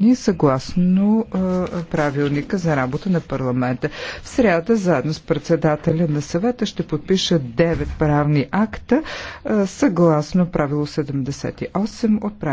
и съгласно а, правилника за работа на парламента. В среда, заедно с председателя на съвета, ще подпиша 9 правни акта а, съгласно правило 78 от правилника.